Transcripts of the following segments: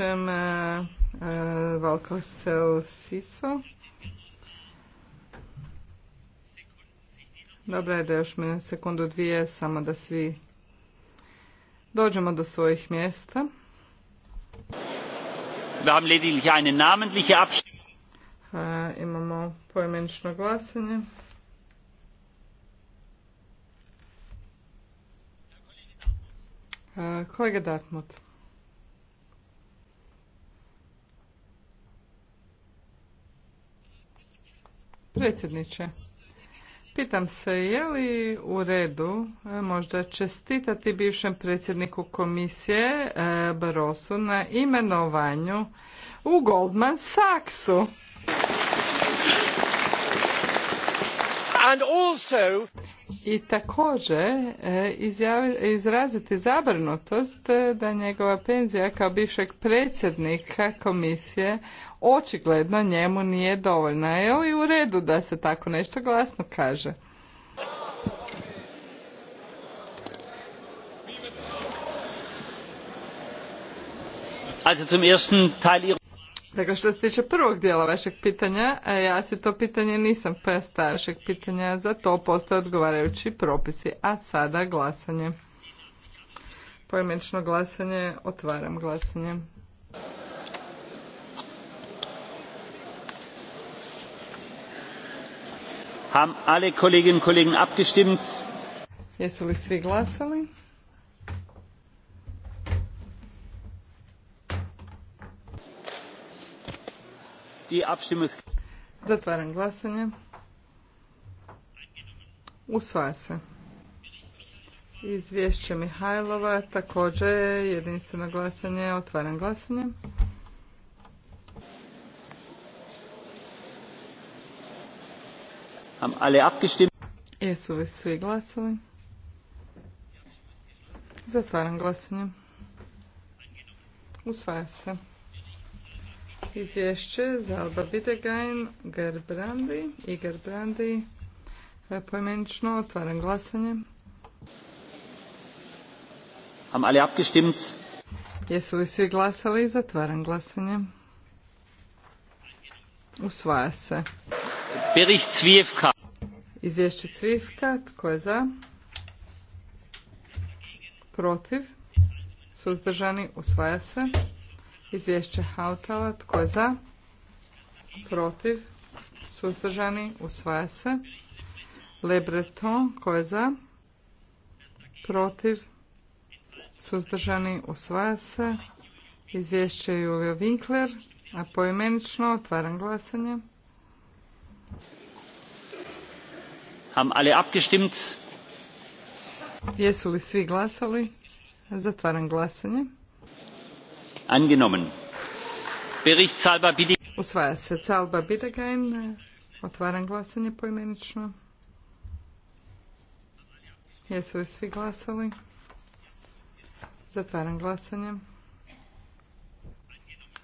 Ističem e, e, Valkosel Siso. Dobro je da još mi sekundu dvije, samo da svi dođemo do svojih mjesta. E, imamo pojmenično glasanje. kolega Dartmouth. Predsjedniče, pitam se je li u redu e, možda čestitati bivšem predsjedniku komisije e, Barosu na imenovanju u Goldman Sachsu. And also i također e, izraziti zabrnutost e, da njegova penzija kao bivšeg predsjednika komisije očigledno njemu nije dovoljna. Je li u redu da se tako nešto glasno kaže? Also zum ersten Teil Dakle, što se tiče prvog dijela vašeg pitanja, e, ja si to pitanje nisam presta vašeg pitanja, za to postoje odgovarajući propisi, a sada glasanje. Pojmenično glasanje, otvaram glasanje. Ham alle Kolleginnen und Kollegen abgestimmt? Jesu li svi glasali? Zatvaram glasanje. Usvaja se. Izvješće Mihajlova, također je jedinstveno glasanje, otvaram glasanje. Am Jesu li svi glasali? Zatvaram glasanje. Usvaja se izvješće za Alba Bidegajn, Gerbrandi i Gerbrandi. E, Pojmenično otvaram glasanje. Haben alle abgestimmt? Jesu li svi glasali? Otvaram glasanje. Usvaja se. Bericht Cvijevka. Izvješće Cvivka. Tko je za? Protiv? Suzdržani? Usvaja se. Izvješće Hautala. Tko je za? Protiv? Suzdržani? Usvaja se. Le Breton. Tko je za? Protiv? Suzdržani? Usvaja se. Izvješće Julio Winkler. A poimenično otvaram glasanje. Haben alle abgestimmt? Jesu li svi glasali? Zatvaram glasanje angenommen. Bericht Salba Usvaja se Salba Bidegain. Otvaram glasanje poimenično. Jesu li svi glasali? Zatvaram glasanje.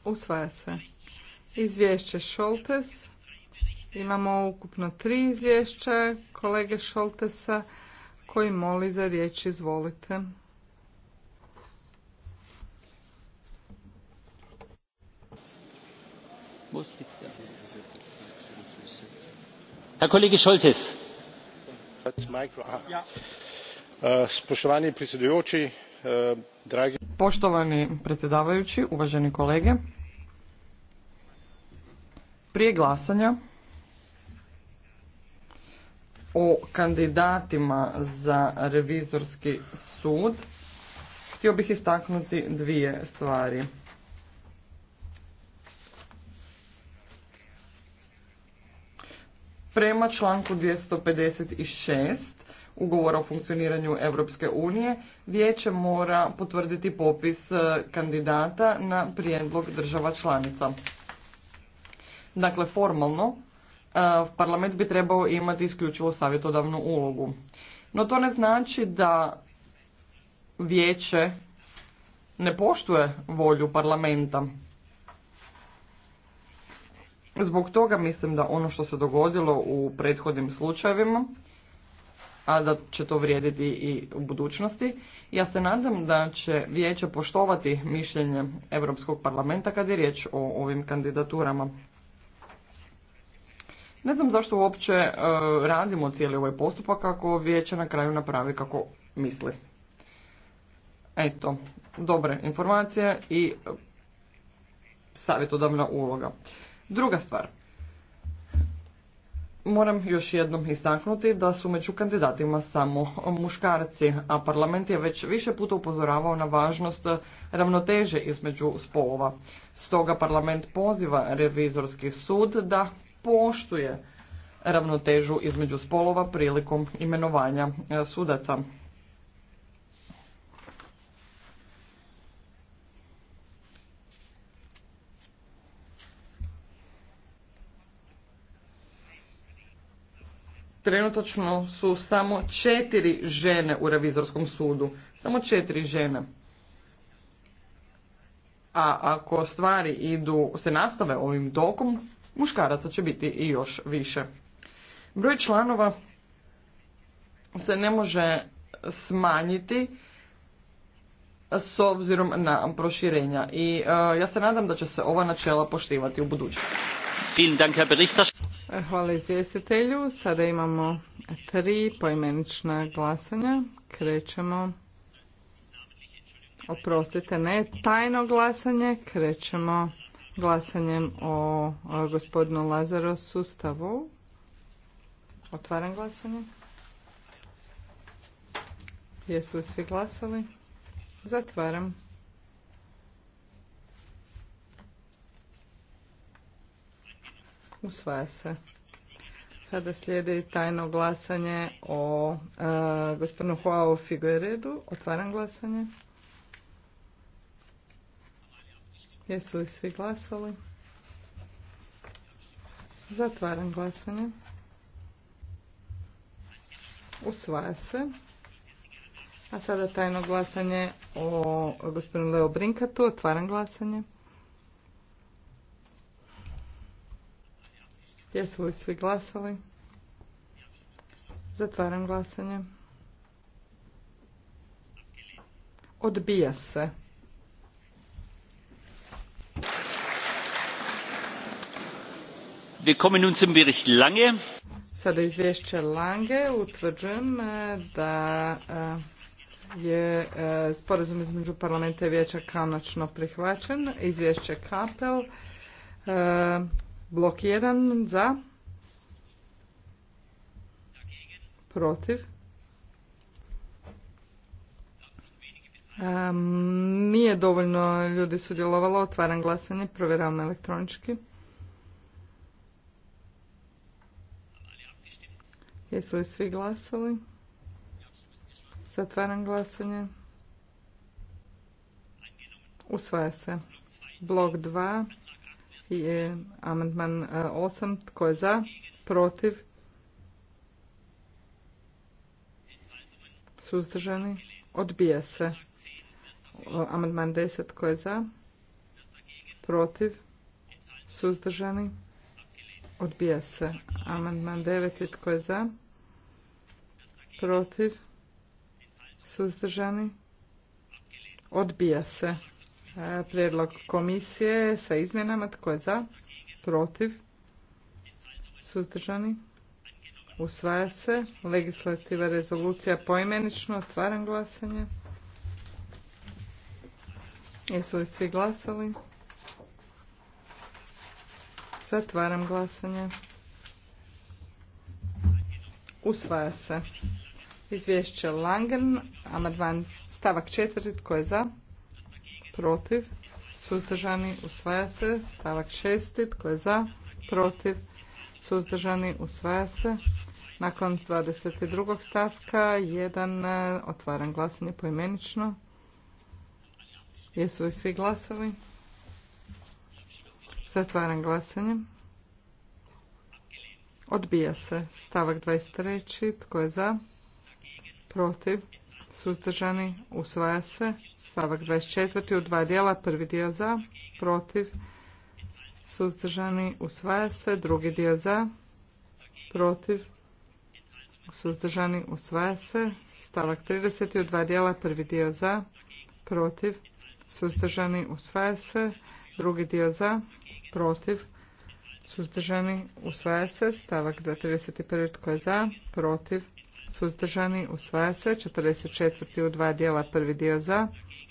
Usvaja se. Izvješće Šoltes. Imamo ukupno tri izvješća kolege Šoltesa koji moli za riječ. Izvolite. E, spoštovani predsedujoči, e, dragi... Poštovani predsjedavajući, uvaženi kolege, prije glasanja o kandidatima za revizorski sud htio bih istaknuti dvije stvari. prema članku 256 ugovora o funkcioniranju Europske unije, vijeće mora potvrditi popis e, kandidata na prijedlog država članica. Dakle, formalno, e, parlament bi trebao imati isključivo savjetodavnu ulogu. No to ne znači da vijeće ne poštuje volju parlamenta. Zbog toga mislim da ono što se dogodilo u prethodnim slučajevima, a da će to vrijediti i u budućnosti, ja se nadam da će vijeće poštovati mišljenje Europskog parlamenta kad je riječ o ovim kandidaturama. Ne znam zašto uopće e, radimo cijeli ovaj postupak ako vijeće na kraju napravi kako misli. Eto, dobre informacije i e, savjetodavna uloga. Druga stvar, moram još jednom istaknuti da su među kandidatima samo muškarci, a parlament je već više puta upozoravao na važnost ravnoteže između spolova. Stoga parlament poziva revizorski sud da poštuje ravnotežu između spolova prilikom imenovanja sudaca. Trenutačno su samo četiri žene u revizorskom sudu. Samo četiri žene. A ako stvari idu, se nastave ovim tokom, muškaraca će biti i još više. Broj članova se ne može smanjiti s obzirom na proširenja i e, ja se nadam da će se ova načela poštivati u budućnosti. Hvala izvjestitelju. Sada imamo tri poimenična glasanja. Krećemo. Oprostite, ne tajno glasanje. Krećemo glasanjem o, o gospodinu Lazaro sustavu. Otvaram glasanje. Jesu li svi glasali? Zatvaram. Usvaja se. Sada slijedi tajno glasanje o e, gospodinu Joao Figueredu. Otvaram glasanje. Jesu li svi glasali? Zatvaram glasanje. Usvaja se. A sada tajno glasanje o gospodinu Leo Brinkatu. Otvaram glasanje. Jesu li svi glasali? Zatvaram glasanje. Odbija se. Wir kommen nun zum Bericht Lange. Sada izvješće Lange utvrđujem e, da e, je e, sporazum između parlamenta i vijeća konačno prihvaćen. Izvješće Kapel Blok 1 za. Protiv. Um, nije dovoljno ljudi sudjelovalo. Otvaram glasanje. Provjeravam elektronički. Jesu li svi glasali? Zatvaram glasanje. Usvaja se. Blok 2 je amandman 8. E, e, Tko je za? Protiv? Suzdržani? Odbija se. Amandman 10. Tko je za? Protiv? Suzdržani? Odbija se. Amandman 9. Tko je za? Protiv? Suzdržani? Odbija se. Prijedlog komisije sa izmjenama. Tko je za? Protiv? Suzdržani? Usvaja se. Legislativa rezolucija poimenično. Otvaram glasanje. Jesu li svi glasali? Zatvaram glasanje. Usvaja se. Izvješće Langen, amadvan stavak četvrti, tko je za? protiv, suzdržani, usvaja se. Stavak šesti, Tko je za, protiv, suzdržani, usvaja se. Nakon 22. stavka jedan e, otvaran glasanje poimenično. Jesu li svi glasali? Zatvaram glasanje. Odbija se stavak 23. Tko je za? Protiv? suzdržani, usvaja se. Stavak 24. u dva dijela, prvi dio za, protiv, suzdržani, usvaja se. Drugi dio za, protiv, suzdržani, usvaja se. Stavak 30. u dva dijela, prvi dio za, protiv, suzdržani, usvaja se. Drugi dio za, protiv, suzdržani, usvaja se. Stavak 31. tko je za, protiv, suzdržani, usvaja se. 44. u dva dijela, prvi dio za,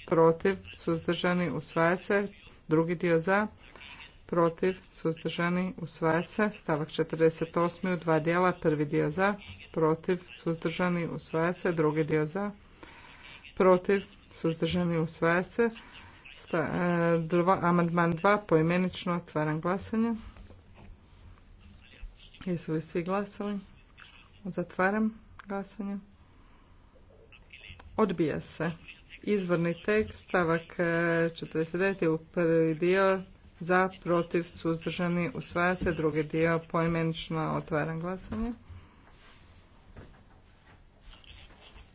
protiv, suzdržani, usvaja se. Drugi dio za, protiv, suzdržani, usvaja se. Stavak 48. u dva dijela, prvi dio za, protiv, suzdržani, usvaja se. Drugi dio za, protiv, suzdržani, usvaja se. E, amandman dva, 2, poimenično otvaram glasanje. Jesu li svi glasali? Zatvaram. Glasanje. Odbija se. Izvorni tekst, stavak 49. E, u prvi dio za, protiv, suzdržani, usvaja se. Drugi dio poimenično otvaram glasanje.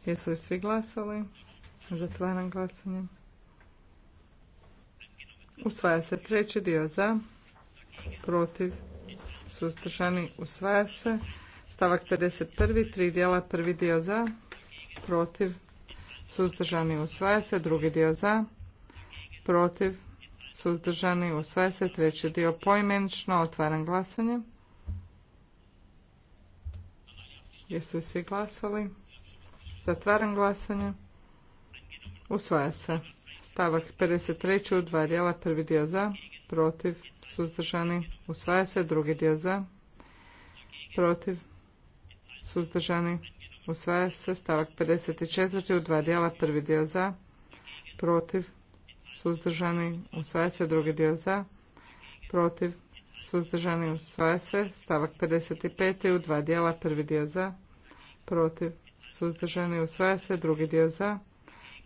Jesu li svi glasali? Zatvaram glasanje. Usvaja se treći dio za, protiv, suzdržani, usvaja se. Stavak 51. Tri dijela. Prvi dio za. Protiv. Suzdržani usvaja se. Drugi dio za. Protiv. Suzdržani usvaja se. Treći dio poimenično. Otvaram glasanje. Jesu svi glasali? Zatvaram glasanje. Usvaja se. Stavak 53. u dva dijela. Prvi dio za. Protiv. Suzdržani. Usvaja se. Drugi dio za. Protiv suzdržani, usvaja se. Stavak 54. u dva dijela, prvi dio za, protiv, suzdržani, usvaja se. Drugi dio za, protiv, suzdržani, usvaja se. Stavak 55. u dva dijela, prvi dio za, protiv, suzdržani, usvaja se. Drugi dio za,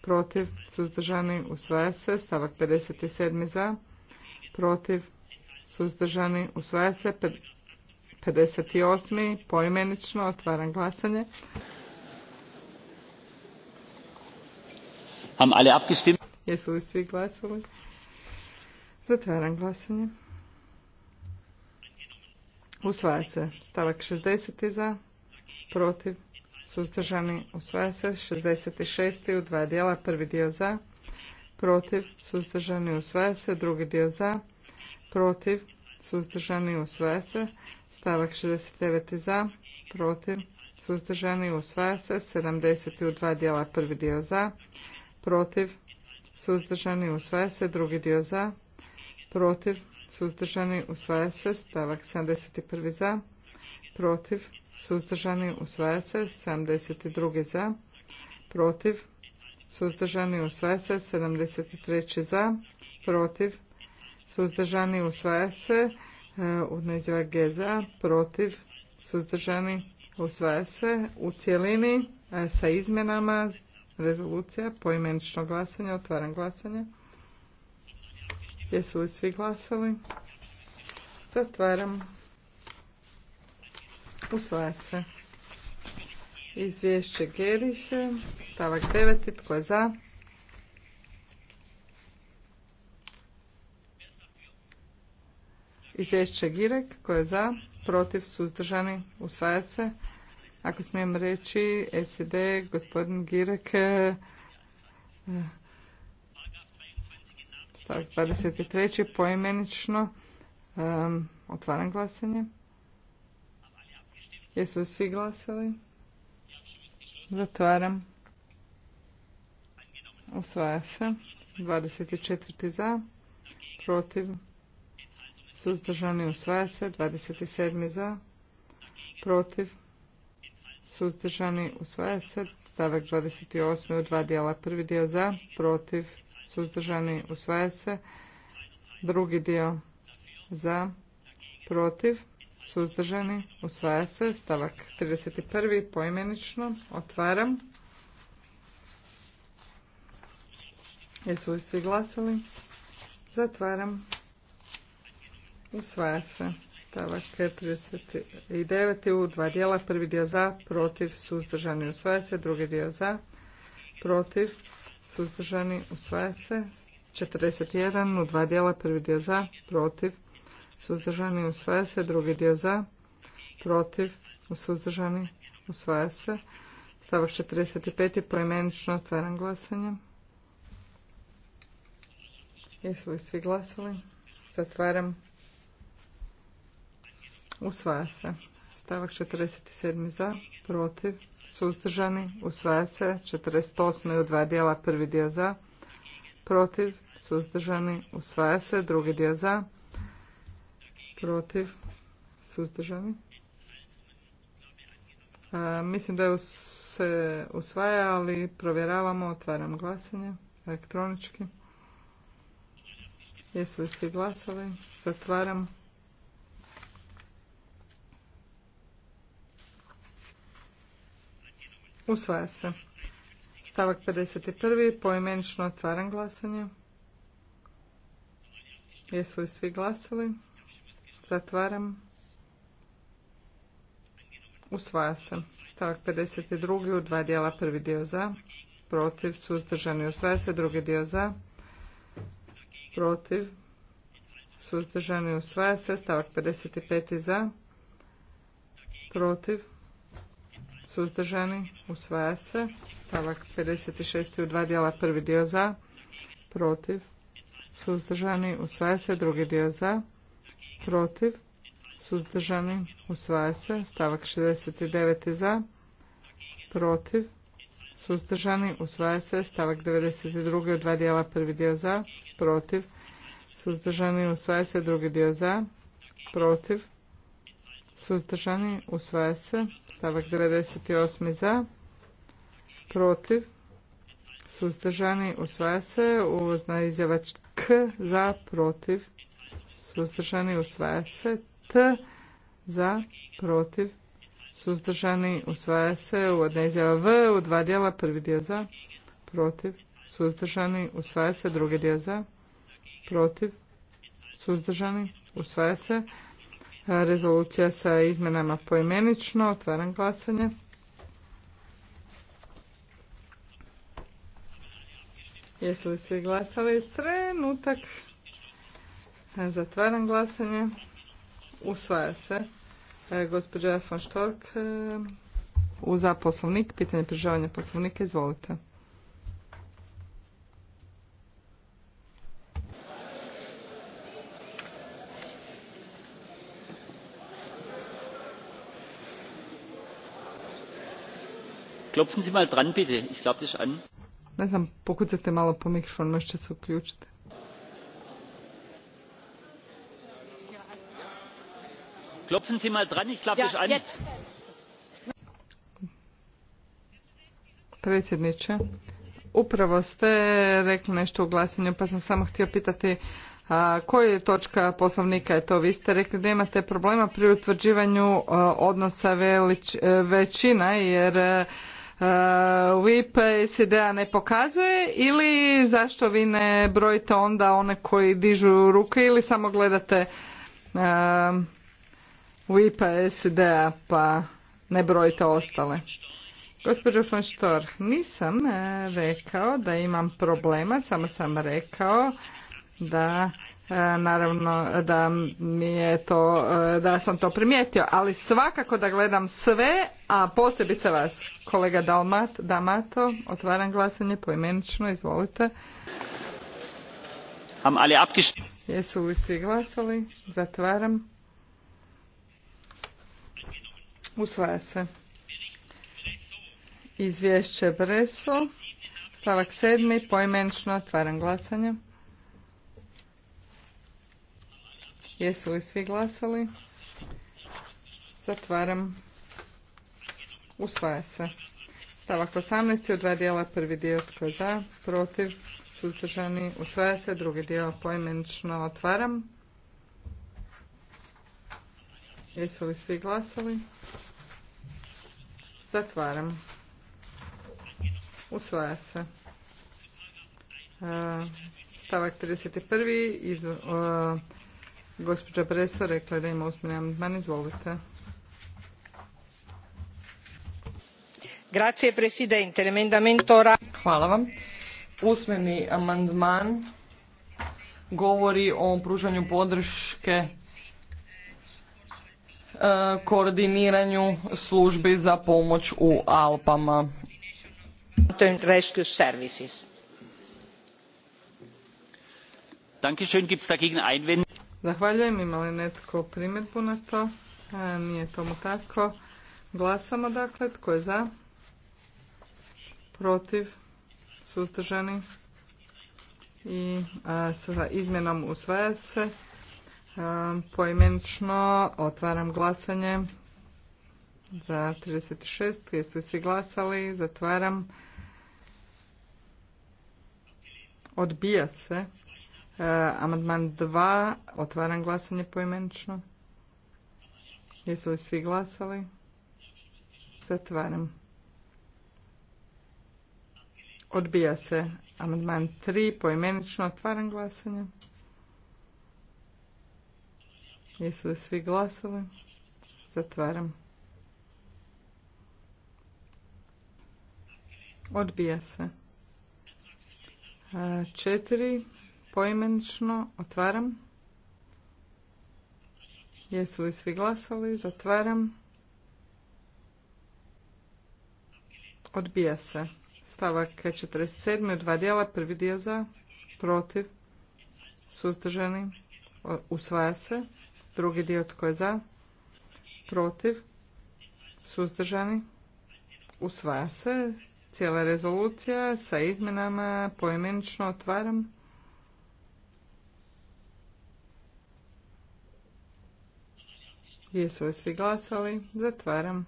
protiv, suzdržani, usvaja se. Stavak 57. za, protiv, suzdržani, usvaja se. 58. poimenično otvaram glasanje. Ham alle abgestimmt? Jesu li svi glasali? Zatvaram glasanje. Usvaja se stavak 60. za, protiv, suzdržani. Usvaja se 66. u dva dijela, prvi dio za, protiv, suzdržani. Usvaja se drugi dio za, protiv, suzdržani. Usvaja se Stavak 69. za, protiv, suzdržani, usvaja se. 70. u dva dijela, prvi dio za, protiv, suzdržani, usvaja se. Drugi dio za, protiv, suzdržani, usvaja se. Stavak 71. za, protiv, suzdržani, usvaja se. 72. za, protiv, suzdržani, usvaja se. 73. za, protiv, suzdržani, usvaja se. Uvodna Neđeva G protiv, suzdržani, usvaja se. U cjelini e, sa izmjenama rezolucija poimenično glasanje, otvaram glasanje. Jesu li svi glasali? Zatvaram. Usvaja se. Izvješće Geriše, stavak 9. Tko je za? Izvješće Girek, koje je za, protiv, suzdržani, usvaja se. Ako smijem reći, SED, gospodin Girek, eh, stavak 23. poimenično, otvaram glasanje. Jesu li svi glasali? Zatvaram. Usvaja se. 24. za, protiv, suzdržani usvaja se, 27. za, protiv, suzdržani usvaja se, stavak 28. u dva dijela, prvi dio za, protiv, suzdržani usvaja se, drugi dio za, protiv, suzdržani usvaja se, stavak 31. poimenično, otvaram. Jesu li svi glasali? Zatvaram. Usvaja se. Stavak 49. u dva dijela. Prvi dio za, protiv, suzdržani. Usvaja se. Drugi dio za, protiv, suzdržani. Usvaja se. 41 u dva dijela. Prvi dio za, protiv, suzdržani. Usvaja se. Drugi dio za, protiv, suzdržani. Usvaja se. Stavak 45. poimenično otvaram glasanje. Jesu li svi glasali? Zatvaram Usvaja se. Stavak 47. za, protiv, suzdržani, usvaja se. 48. u dva dijela, prvi dio za, protiv, suzdržani, usvaja se. Drugi dio za, protiv, suzdržani. E, mislim da se usvaja, ali provjeravamo, otvaram glasanje elektronički. Jesu li svi glasali? Zatvaram. Usvaja se. Stavak 51. Poimenično otvaram glasanje. Jesu li svi glasali? Zatvaram. Usvaja se. Stavak 52. U dva dijela prvi dio za. Protiv. Suzdržani. Usvaja se. Drugi dio za. Protiv. Suzdržani. Usvaja se. Stavak 55. Za. Protiv suzdržani, usvaja se. Stavak 56. u dva dijela, prvi dio za, protiv, suzdržani, usvaja se. Drugi dio za, protiv, suzdržani, usvaja se. Stavak 69. za, protiv, suzdržani, usvaja se. Stavak 92. u dva dijela, prvi dio za, protiv, suzdržani, usvaja se. Drugi dio za, protiv, Suzdržani usvaja se. Stavak 98. za. Protiv. Suzdržani usvaja se. Uvozna izjava K za. Protiv. Suzdržani usvaja se. T za. Protiv. Suzdržani usvaja se. Uvodna izjava V u dva dijela. Prvi dio za. Protiv. Suzdržani usvaja se. Drugi dio za. Protiv. Suzdržani usvaja se. Rezolucija sa izmenama poimenično. Otvaram glasanje. Jesu li svi glasali? Trenutak. Zatvaram glasanje. Usvaja se. Gospodin e, gospođa von Štork, e, uza poslovnik, pitanje prižavanja poslovnika, izvolite. Klopfen Sie mal dran, bitte. Ich glaube, das ist an. Ne znam, pokucajte malo po mikrofon, možete se uključiti. Klopfen Sie mal dran, ich glaube, das ist an. Jetzt. Predsjedniče, upravo ste rekli nešto u glasanju, pa sam samo htio pitati a, koja je točka poslovnika je to? Vi ste rekli da imate problema pri utvrđivanju odnosa velič, većina, jer Eh, VIP SID-a ne pokazuje ili zašto vi ne brojite onda one koji dižu ruke ili samo gledate uh, a SID-a pa ne brojite ostale? Gospođo von nisam eh, rekao da imam problema, samo sam rekao da naravno da mi je to, da sam to primijetio, ali svakako da gledam sve, a posebice vas. Kolega Dalmat, Damato, otvaram glasanje poimenično, izvolite. Am ali Jesu li svi glasali? Zatvaram. Usvaja se. Izvješće Breso, stavak sedmi, Poimenično otvaram glasanje. Jesu li svi glasali? Zatvaram. Usvaja se. Stavak 18. u dva dijela, prvi dio tko je za, protiv, suzdržani, usvaja se, drugi dio poimenično otvaram. Jesu li svi glasali? Zatvaram. Usvaja se. E, stavak 31. Iz, e, gospođa Preso rekla da ima usmjeni amandman. Izvolite. Grazie presidente, Hvala vam. Usmeni amandman govori o pružanju podrške e, koordiniranju službi za pomoć u Alpama. Zahvaljujem. Ima li netko primjedbu na to? E, nije tomu tako. Glasamo dakle. Tko je za? protiv, suzdržani i sa izmjenom usvaja se. Poimenično otvaram glasanje za 36. Jeste svi glasali? Zatvaram. Odbija se. Amandman 2. Otvaram glasanje poimenično. Jesu li svi glasali? Zatvaram. Odbija se amandman 3, poimenično otvaram glasanje. Jesu li svi glasali? Zatvaram. Odbija se. E, četiri, poimenično, otvaram. Jesu li svi glasali? Zatvaram. Odbija se stavak 47. dva dijela, prvi dio za, protiv, suzdržani, usvaja se, drugi dio tko je za, protiv, suzdržani, usvaja se, cijela rezolucija sa izmjenama poimenično otvaram. Jesu li svi glasali? Zatvaram.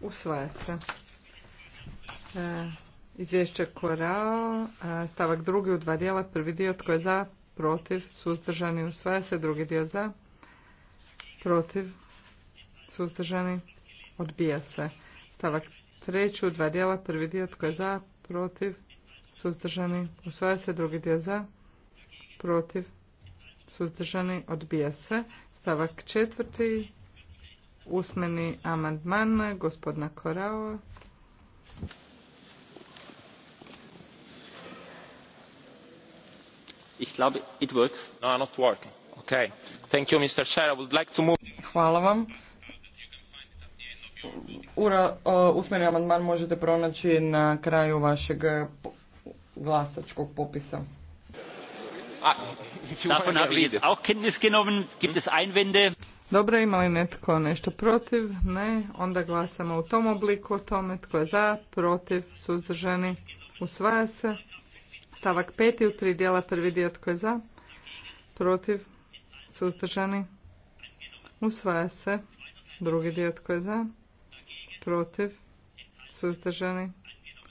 Usvaja se. E, izvješće Korao, e, stavak drugi u dva dijela, prvi dio tko je za, protiv, suzdržani, usvaja se, drugi dio za, protiv, suzdržani, odbija se. Stavak treći u dva dijela, prvi dio tko je za, protiv, suzdržani, usvaja se, drugi dio za, protiv, suzdržani, odbija se. Stavak četvrti Usmeni amandman gospodina Korao. Ich glaube, it works. No, not working. Okay. Thank you, Mr. Chair. I would like to move... Hvala vam. Ura, uh, usmeni amandman možete pronaći na kraju vašeg e, glasačkog popisa. Davon habe ich jetzt auch Kenntnis genommen. Gibt es Einwände? Dobro, ima li netko nešto protiv? Ne. Onda glasamo u tom obliku o tome tko je za, protiv, suzdržani, usvaja se. Stavak peti u tri dijela, prvi dio tko je za, protiv, suzdržani, usvaja se. Drugi dio tko je za, protiv, suzdržani,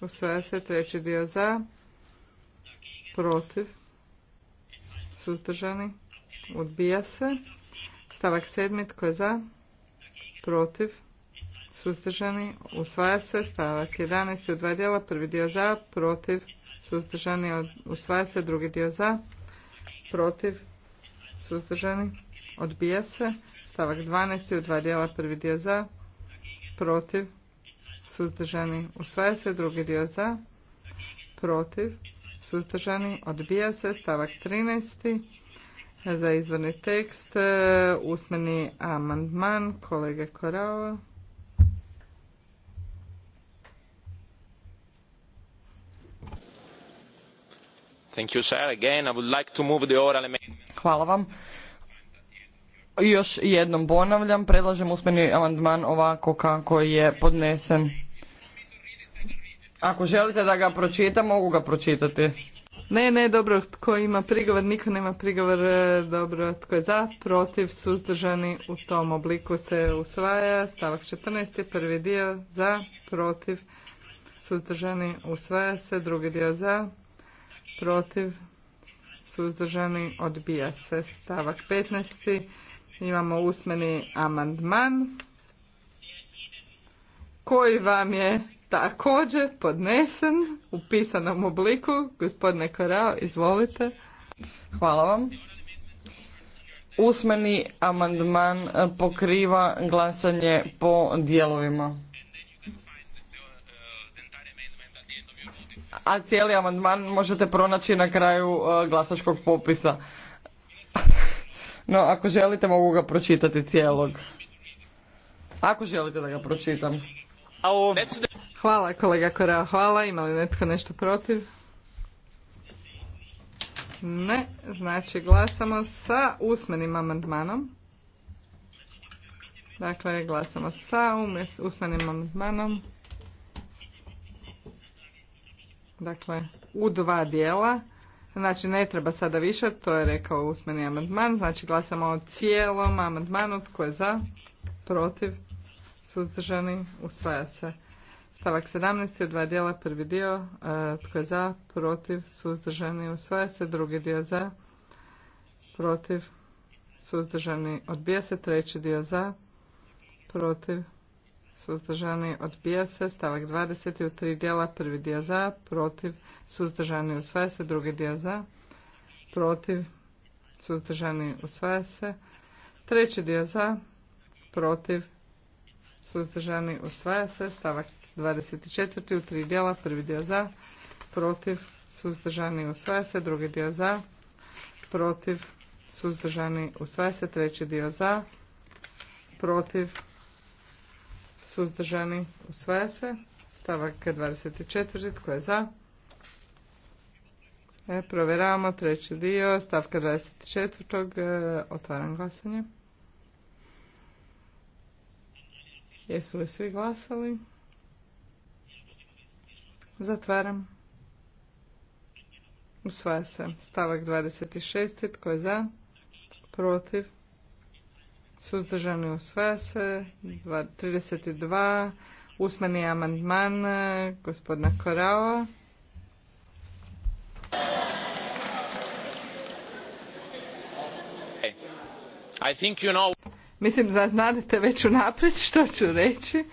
usvaja se. Treći dio za, protiv, suzdržani, odbija se. Stavak sedmi. Tko je za? Protiv? Suzdržani? Usvaja se. Stavak 11. u dva dijela. Prvi dio za. Protiv? Suzdržani? Usvaja se. Drugi dio za. Protiv? Suzdržani? Odbija se. Stavak 12. u dva dijela. Prvi dio za. Protiv? Suzdržani? Usvaja se. Drugi dio za. Protiv? Suzdržani? Odbija se. Stavak 13 za izvorni tekst. E, usmeni amandman kolege Korao. Thank you, sir. Again, I would like to move the oral amendment. Hvala vam. Još jednom ponavljam, predlažem usmeni amandman ovako kako je podnesen. Ako želite da ga pročitam, mogu ga pročitati. Ne, ne, dobro, tko ima prigovor, niko nema prigovor, e, dobro, tko je za, protiv, suzdržani, u tom obliku se usvaja, stavak 14. prvi dio, za, protiv, suzdržani, usvaja se, drugi dio za, protiv, suzdržani, odbija se, stavak 15. Imamo usmeni amandman koji vam je također podnesen u pisanom obliku. Gospodine Korao, izvolite. Hvala vam. Usmeni amandman e, pokriva glasanje po dijelovima. A cijeli amandman možete pronaći na kraju e, glasačkog popisa. No, ako želite mogu ga pročitati cijelog. Ako želite da ga pročitam. Hvala kolega Korao, hvala. Ima li netko nešto protiv? Ne, znači glasamo sa usmenim amandmanom. Dakle, glasamo sa usmenim amandmanom. Dakle, u dva dijela. Znači, ne treba sada više, to je rekao usmeni amandman. Znači, glasamo o cijelom amandmanu. Tko je za? Protiv? suzdržani, usvaja se. Stavak 17. je dva dijela, prvi dio, e, tko je za, protiv, suzdržani, usvaja se, drugi dio za, protiv, suzdržani, odbija se, treći dio za, protiv, suzdržani, odbija se, stavak 20. u tri dijela, prvi dio za, protiv, suzdržani, usvaja se, drugi dio za, protiv, suzdržani, usvaja se, treći dio za, protiv, suzdržani, usvaja se. Stavak 24. u tri dijela, prvi dio za, protiv, suzdržani, usvaja se. Drugi dio za, protiv, suzdržani, usvaja se. Treći dio za, protiv, suzdržani, usvaja se. Stavak 24. tko je za? E, provjeravamo treći dio, stavka 24. E, otvaram glasanje. Jesu li svi glasali? Zatvaram. Usvaja se. Stavak 26. Tko je za? Protiv? Suzdržani usvaja se. 32. Usmeni amandman e, gospodina Korao. I think you know... Mislim da znadete već unaprijed što ću reći.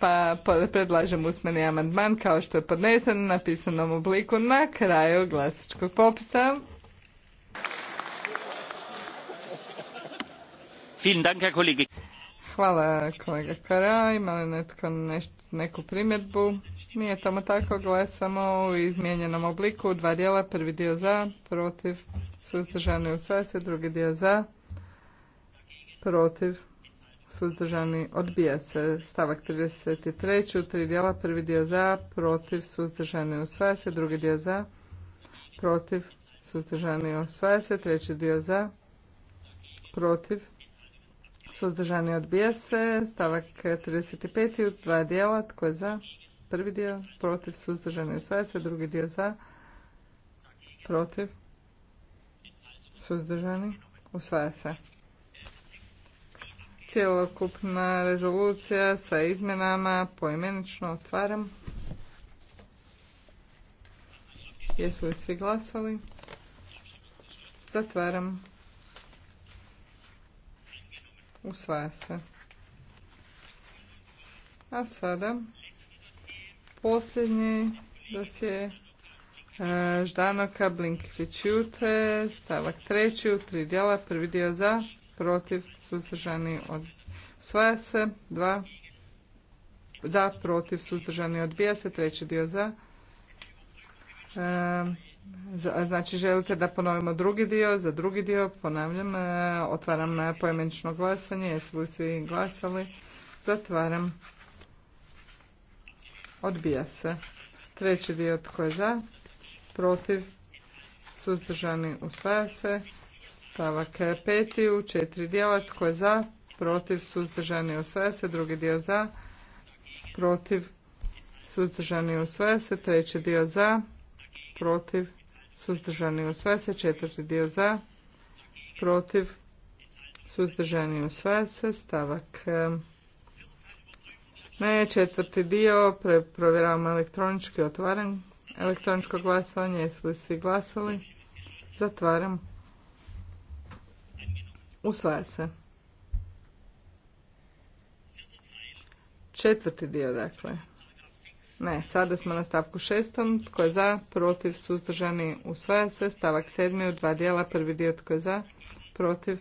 Pa predlažem usmeni amandman kao što je podnesen u napisanom obliku na kraju glasačkog popisa. Hvala kolega Kara. imali netko neku primjedbu? Nije tamo tako. Glasamo u izmijenjenom obliku. Dva dijela. Prvi dio za, protiv, suzdržani u sve, drugi dio za protiv, suzdržani, odbija se. Stavak 33. u tri dijela, prvi dio za, protiv, suzdržani, usvaja se, drugi dio za, protiv, suzdržani, usvaja se, treći dio za, protiv, suzdržani, odbija se. Stavak 35. u dva dijela, tko je za, prvi dio, protiv, suzdržani, usvaja se, drugi dio za, protiv, suzdržani, usvaja se. Cijelokupna rezolucija sa izmjenama poimenično otvaram. Jesu li svi glasali? Zatvaram. Usvaja se. A sada posljednji se. E, Ždanoka Blinkvić-Jute stavak treći u tri dijela, prvi dio za, protiv, suzdržani, usvaja se. dva, za, protiv, suzdržani, odbija se. Treći dio za. znači želite da ponovimo drugi dio. Za drugi dio ponavljam, e, otvaram e, pojmenično glasanje. Jesu li svi glasali? Zatvaram. Odbija se. Treći dio tko je za, protiv, suzdržani, usvaja se. Stavak 5. u četiri dijela. Tko je za? Protiv. Suzdržani. Usvaja se. Drugi dio za. Protiv. Suzdržani. Usvaja se. Treći dio za. Protiv. Suzdržani. u se. Četvrti dio za. Protiv. Suzdržani. u se. Stavak ne, četvrti dio, pre, provjeravamo elektronički otvaram. Elektroničko glasovanje, jesu li svi glasali? Zatvaram. Usvaja se. Četvrti dio, dakle. Ne, sada smo na stavku šestom. Tko je za, protiv, suzdržani, usvaja se. Stavak sedmi u dva dijela. Prvi dio tko je za, protiv,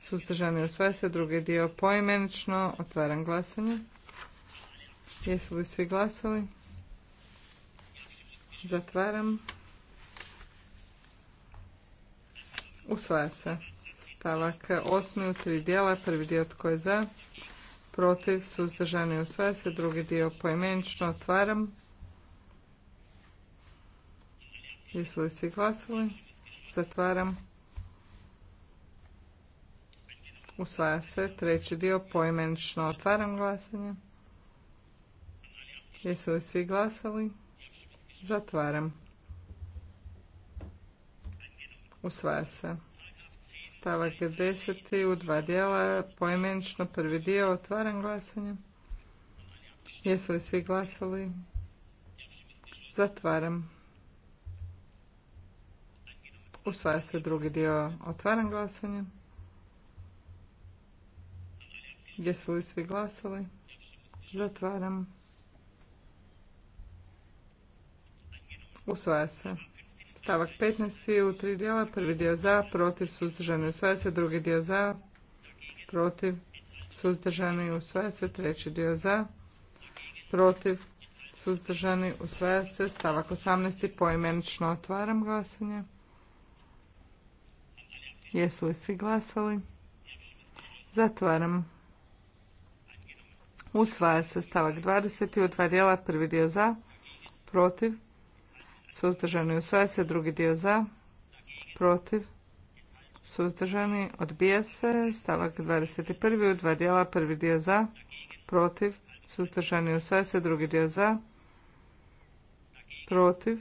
suzdržani, usvaja se. Drugi dio poimenično. Otvaram glasanje. Jesu li svi glasali? Zatvaram. Usvaja se stavak tri dijela, prvi dio tko je za, protiv, suzdržani usvaja se, drugi dio poimenično otvaram. Jesu li svi glasali? Zatvaram. Usvaja se. Treći dio poimenično otvaram glasanje. Jesu li svi glasali? Zatvaram. Usvaja se stavak 10. u dva dijela, poimenično prvi dio, otvaram glasanje. Jesu li svi glasali? Zatvaram. Usvaja se drugi dio, otvaram glasanje. Jesu li svi glasali? Zatvaram. Usvaja se. Stavak 15. u tri dijela. Prvi dio za, protiv, suzdržani, usvaja se. Drugi dio za, protiv, suzdržani, usvaja se. Treći dio za, protiv, suzdržani, usvaja se. Stavak 18. poimenično otvaram glasanje. Jesu li svi glasali? Zatvaram. Usvaja se stavak 20. u dva dijela. Prvi dio za, protiv, suzdržani usvaja se, drugi dio za, protiv, suzdržani, odbija se, stavak 21. u dva dijela, prvi dio za, protiv, suzdržani usvaja se, drugi dio za, protiv,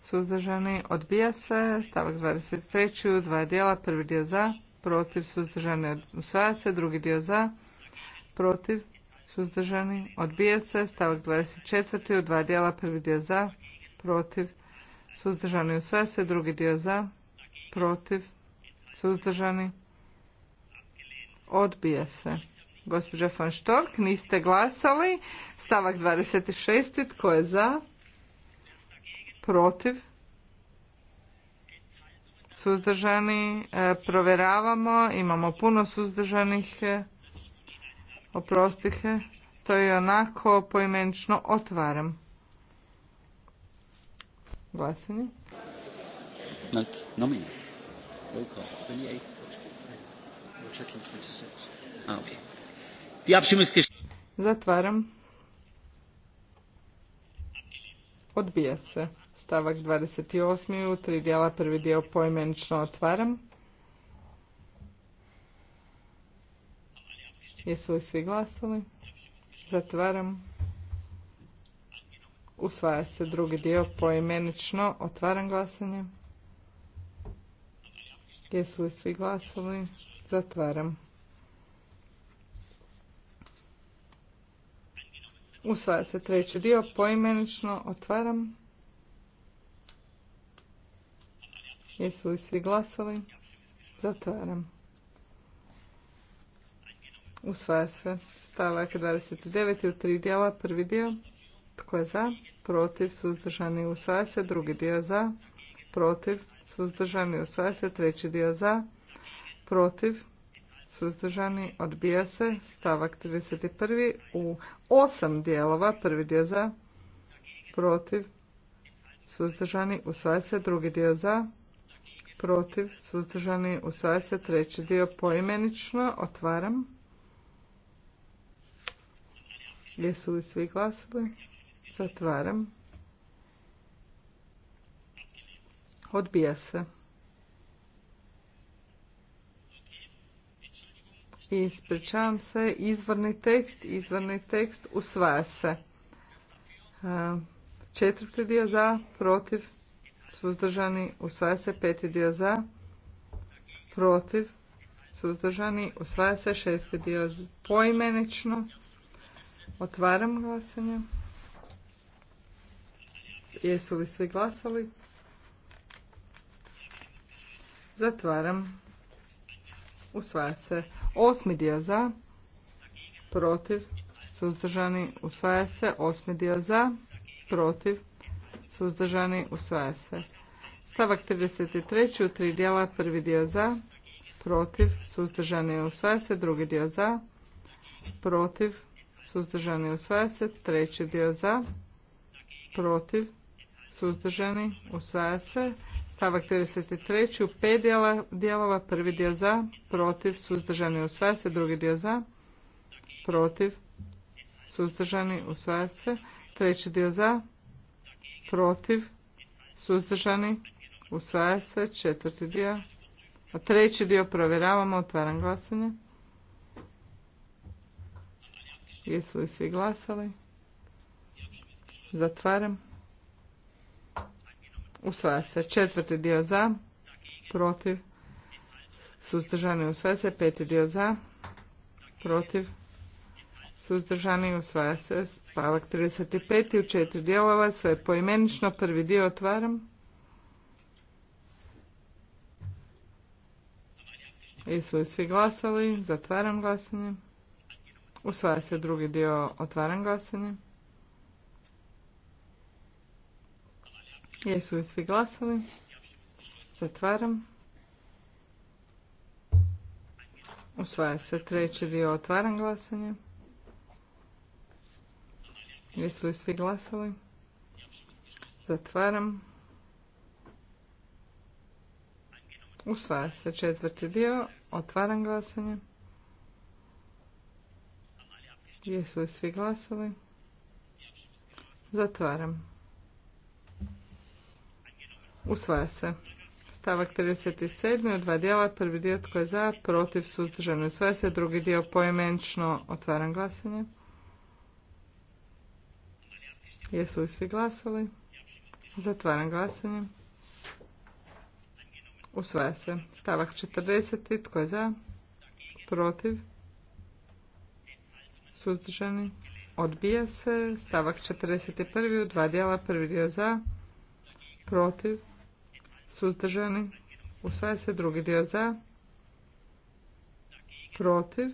suzdržani, odbija se, stavak 23. u dva dijela, prvi dio za, protiv, suzdržani, usvaja se, drugi dio za, protiv, suzdržani, odbija se, stavak 24. u dva dijela, prvi dio za, protiv, suzdržani sve se, drugi dio za, protiv, suzdržani, odbija se. Gospođa von Štork, niste glasali. Stavak 26. Tko je za? Protiv? Suzdržani? E, provjeravamo. Imamo puno suzdržanih. E, Oprostihe. To je onako poimenično otvaram. Glasanje. Ah, Zatvaram. Odbija se. Stavak 28. u tri dijela prvi dio poimenično otvaram. Jesu li svi glasali? Zatvaram. Usvaja se drugi dio poimenično. Otvaram glasanje. Jesu li svi glasali? Zatvaram. Usvaja se treći dio poimenično. Otvaram. Jesu li svi glasali? Zatvaram. Usvaja se stavak 29 u tri dijela. Prvi dio. Tko je za? Protiv, suzdržani, usvaja se. Drugi dio za, protiv, suzdržani, usvaja se. Treći dio za, protiv, suzdržani, odbija se. Stavak 31. u osam dijelova. Prvi dio za, protiv, suzdržani, usvaja se. Drugi dio za, protiv, suzdržani, usvaja se. Treći dio poimenično. Otvaram. Jesu li svi glasili? Zatvaram. Odbija se. I ispričavam se, izvorni tekst, izvorni tekst usvaja se. E, četvrti dio za, protiv, suzdržani, usvaja se. Peti dio za, protiv, suzdržani, usvaja se. Šesti dio poimenično. Otvaram glasanje. Jesu li svi glasali? Zatvaram. Usvaja se. Osmi dio za. Protiv. Suzdržani. Usvaja se. Osmi dio za. Protiv. Suzdržani. Usvaja se. Stavak 33. U tri dijela. Prvi dio za. Protiv. Suzdržani. Usvaja se. Drugi dio za. Protiv. Suzdržani. Usvaja se. Treći dio za. Protiv suzdržani, usvaja se. Stavak 33. u pet dijelova, prvi dio za, protiv, suzdržani, usvaja se, drugi dio za, protiv, suzdržani, usvaja se, treći dio za, protiv, suzdržani, usvaja se, četvrti dio, a treći dio provjeravamo, otvaram glasanje. Jesu li svi glasali? Zatvaram usvaja se. Četvrti dio za, protiv, suzdržani usvaja se. Peti dio za, protiv, suzdržani usvaja se. Stavak 35. u četiri dijelova, sve poimenično, prvi dio otvaram. Jesu li svi glasali? Zatvaram glasanje. Usvaja se drugi dio, otvaram glasanje. Jesu li svi glasali? Zatvaram. Usvaja se treći dio. Otvaram glasanje. Jesu li svi glasali? Zatvaram. Usvaja se četvrti dio. Otvaram glasanje. Jesu li svi glasali? Zatvaram. Usvaja se. Stavak 37. u dva dijela. Prvi dio tko je za, protiv, suzdržano. Usvaja se. Drugi dio poimenčno. Otvaram glasanje. Jesu li svi glasali? Zatvaram glasanje. Usvaja se. Stavak 40. Tko je za? Protiv? Suzdržani? Odbija se. Stavak 41. U dva dijela. Prvi dio za? Protiv? suzdržani, usvaja se drugi dio za, protiv,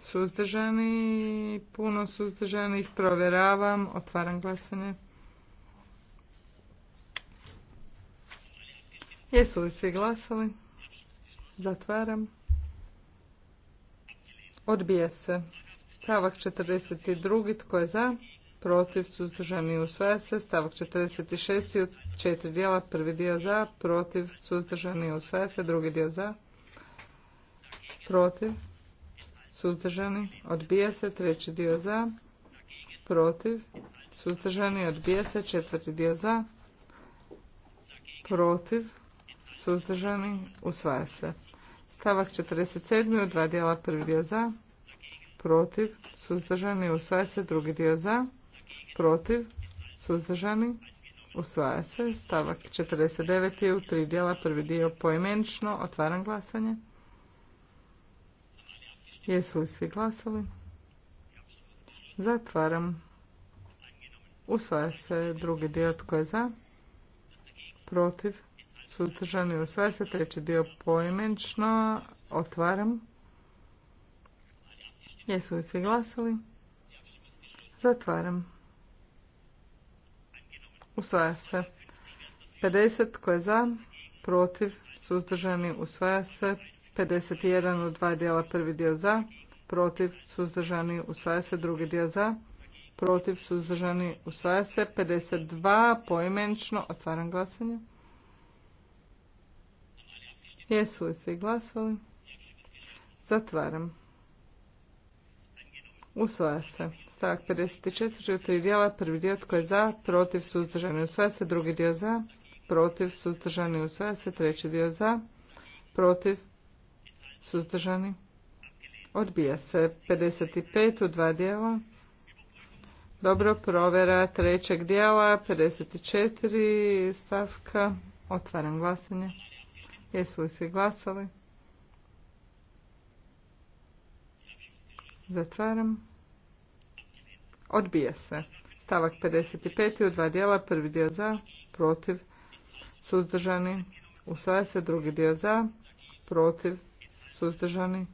suzdržani, puno suzdržanih, provjeravam, otvaram glasanje. Jesu li svi glasali? Zatvaram. Odbija se. Stavak 42. Tko je za? protiv, suzdržani, usvaja se. Stavak 46. od četiri dijela, prvi dio za, protiv, suzdržani, usvaja se. Drugi dio za, protiv, suzdržani, odbija se. Treći dio za, protiv, suzdržani, odbija se. Četvrti dio za, protiv, suzdržani, usvaja se. Stavak 47. u dva dijela, prvi dio za, protiv, suzdržani, usvaja se. Drugi dio za, protiv, suzdržani, usvaja se. Stavak 49. u tri dijela, prvi dio poimenično, otvaram glasanje. Jesu li svi glasali? Zatvaram. Usvaja se drugi dio tko je za, protiv, suzdržani, usvaja se treći dio poimenično, otvaram. Jesu li svi glasali? Zatvaram. Usvaja se. 50 tko je za? Protiv? Suzdržani? Usvaja se. 51 od dva dijela prvi dio za? Protiv? Suzdržani? Usvaja se. Drugi dio za? Protiv? Suzdržani? Usvaja se. 52 poimenično. Otvaram glasanje. Jesu li svi glasali? Zatvaram. Usvaja se stavak 54. u tri dijela, prvi dio tko je za, protiv, suzdržani, sve se, drugi dio za, protiv, suzdržani, usvaja se, treći dio za, protiv, suzdržani, odbija se. 55 u dva dijela. Dobro, provjera trećeg dijela, 54 stavka, otvaram glasanje. Jesu li svi glasali? Zatvaram. Odbija se. Stavak 55. u dva dijela. Prvi dio za, protiv, suzdržani. Usvaja se drugi dio za, protiv, suzdržani.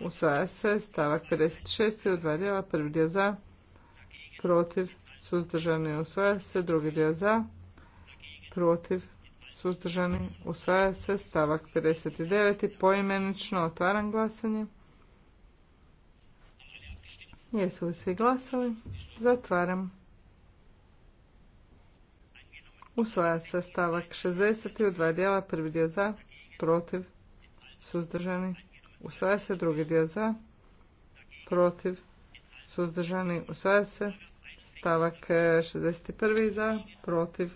Usvaja se stavak 56. u dva dijela. Prvi dio za, protiv, suzdržani. Usvaja se drugi dio za, protiv, suzdržani. Usvaja se stavak 59. poimenično otvaram glasanje. Jesu li svi glasali? Zatvaram. Usvaja se stavak 60. u dva dijela. Prvi dio za, protiv, suzdržani. Usvaja se drugi dio za, protiv, suzdržani. Usvaja se stavak 61. za, protiv,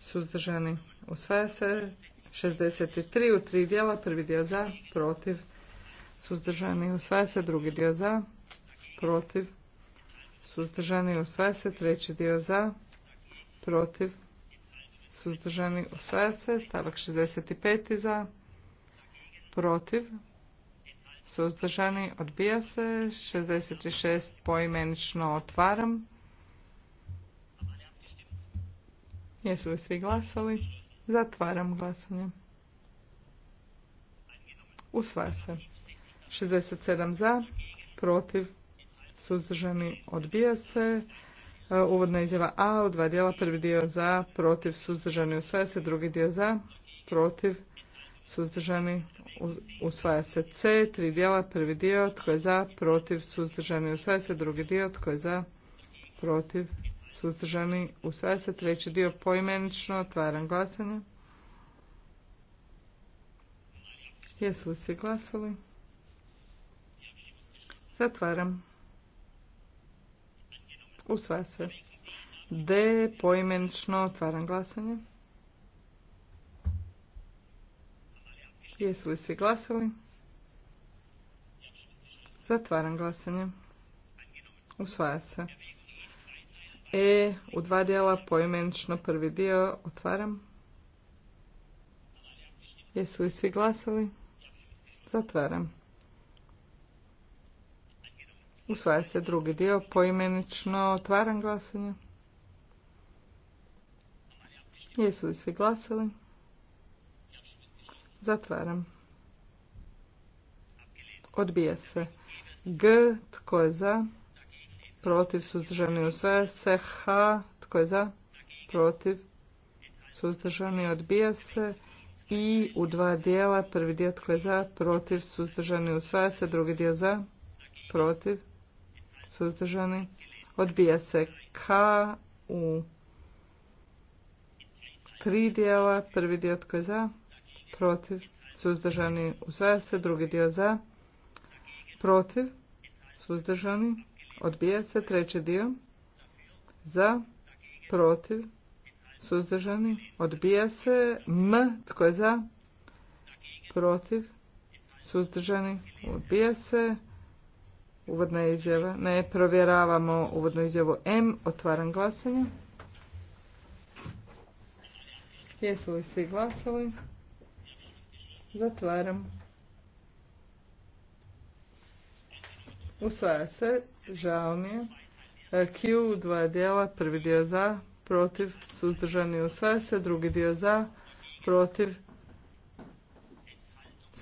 suzdržani. Usvaja se 63 u tri dijela. Prvi dio za, protiv, suzdržani. Usvaja se drugi dio za, protiv, suzdržani, usvaja se. Treći dio za, protiv, suzdržani, usvaja se. Stavak 65. za, protiv, suzdržani, odbija se. 66. poimenično otvaram. Jesu li svi glasali? Zatvaram glasanje. Usvaja se. 67 za, protiv, suzdržani, odbija se. E, uvodna izjava A u dva dijela, prvi dio za, protiv, suzdržani, usvaja se, drugi dio za, protiv, suzdržani, usvaja se C, tri dijela, prvi dio, tko je za, protiv, suzdržani, usvaja se, drugi dio, tko je za, protiv, suzdržani, usvaja se, treći dio poimenično, otvaram glasanje. Jesu li svi glasali? Zatvaram. Usvaja se. D poimenično otvaram glasanje. Jesu li svi glasali? Zatvaram glasanje. Usvaja se. E u dva dijela poimenično prvi dio otvaram. Jesu li svi glasali? Zatvaram. Usvaja se drugi dio. Poimenično otvaram glasanje. Jesu li svi glasali? Zatvaram. Odbija se. G. Tko je za? Protiv. Suzdržani. Usvaja se. H. Tko je za? Protiv. Suzdržani. Odbija se. I u dva dijela. Prvi dio tko je za? Protiv. Suzdržani. Usvaja se. Drugi dio za? Protiv suzdržani, odbija se K u tri dijela, prvi dio tko je za, protiv, suzdržani, usvaja se, drugi dio za, protiv, suzdržani, odbija se, treći dio za, protiv, suzdržani, odbija se, M, tko je za, protiv, suzdržani, odbija se, Uvodna izjava. Ne, provjeravamo uvodnu izjavu M. Otvaram glasanje. Jesu li svi glasali? Zatvaram. Usvaja se. Žao mi je. E, Q dva dijela. Prvi dio za, protiv, suzdržani usvaja se. Drugi dio za, protiv,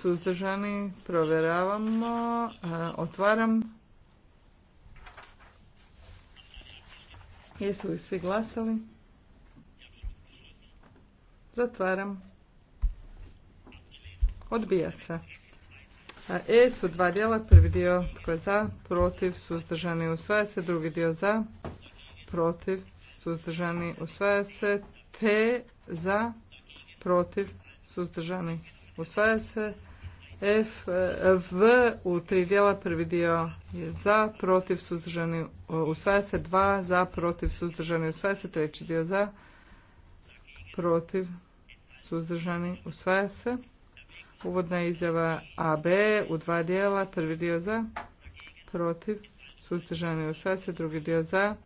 suzdržani, provjeravamo, e, otvaram. Jesu li svi glasali? Zatvaram. Odbija se. E su dva dijela, prvi dio tko je za, protiv, suzdržani, usvaja se, drugi dio za, protiv, suzdržani, usvaja se, te za, protiv, suzdržani, usvaja se, F, V u tri dijela, prvi dio je za, protiv, suzdržani, e, usvaja se, dva, za, protiv, suzdržani, usvaja se, treći dio za, protiv, suzdržani, usvaja se. Uvodna izjava AB u dva dijela, prvi dio za, protiv, suzdržani, usvaja se, drugi dio za,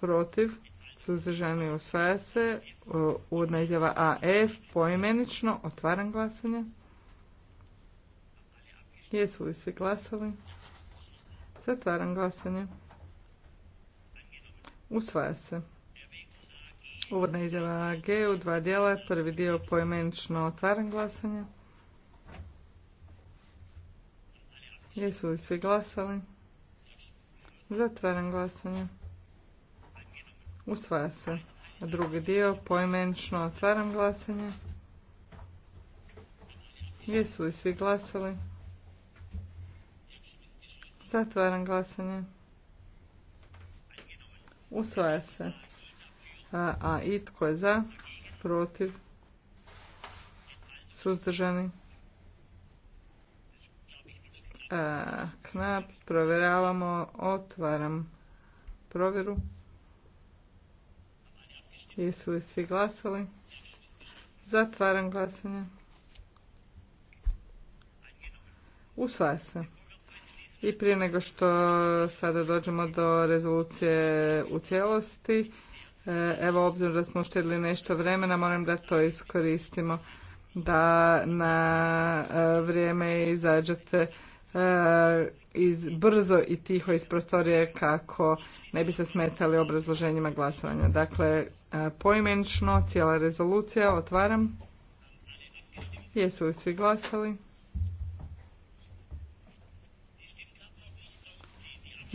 protiv, suzdržani, usvaja se. E, uvodna izjava A. F. poimenično, otvaram glasanje. Jesu li svi glasali? Zatvaram glasanje. Usvaja se. Uvodna izjava G u dva dijela. Prvi dio poimenično otvaram glasanje. Jesu li svi glasali? Zatvaram glasanje. Usvaja se. drugi dio poimenično otvaram glasanje. Jesu li svi glasali? Zatvaram glasanje. Usvaja se. A, a i tko je za? Protiv? Suzdržani? knap, provjeravamo, otvaram provjeru. Jesu li svi glasali? Zatvaram glasanje. Usvaja se. I prije nego što sada dođemo do rezolucije u cijelosti, e, evo obzirom da smo uštedili nešto vremena, moram da to iskoristimo da na e, vrijeme izađete e, iz brzo i tiho iz prostorije kako ne bi se smetali obrazloženjima glasovanja. Dakle, poimenčno cijela rezolucija otvaram. Jesu li svi glasali?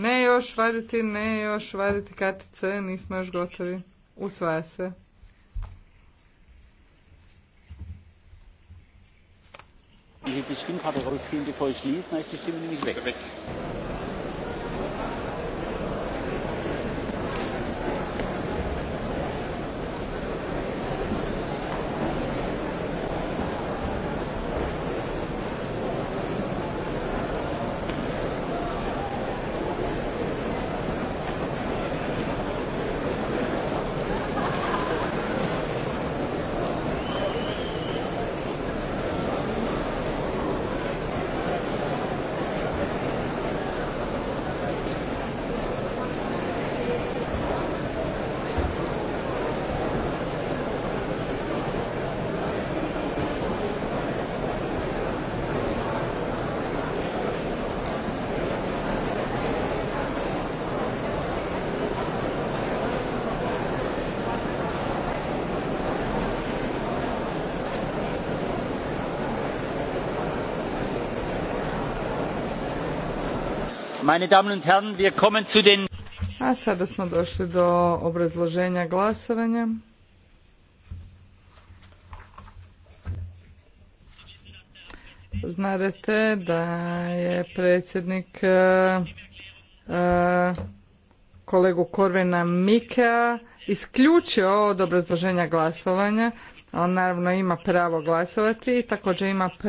Ne još vaditi, ne još vaditi kartice, nismo još gotovi. Usvaja se. Die Stimmkarte rausziehen, bevor ich schließe, dann ist die Stimme nämlich weg. A sada smo došli do obrazloženja glasovanja. Znadete da je predsjednik e, e, kolegu Korvena Mikea isključio od obrazloženja glasovanja. On naravno ima pravo glasovati i također ima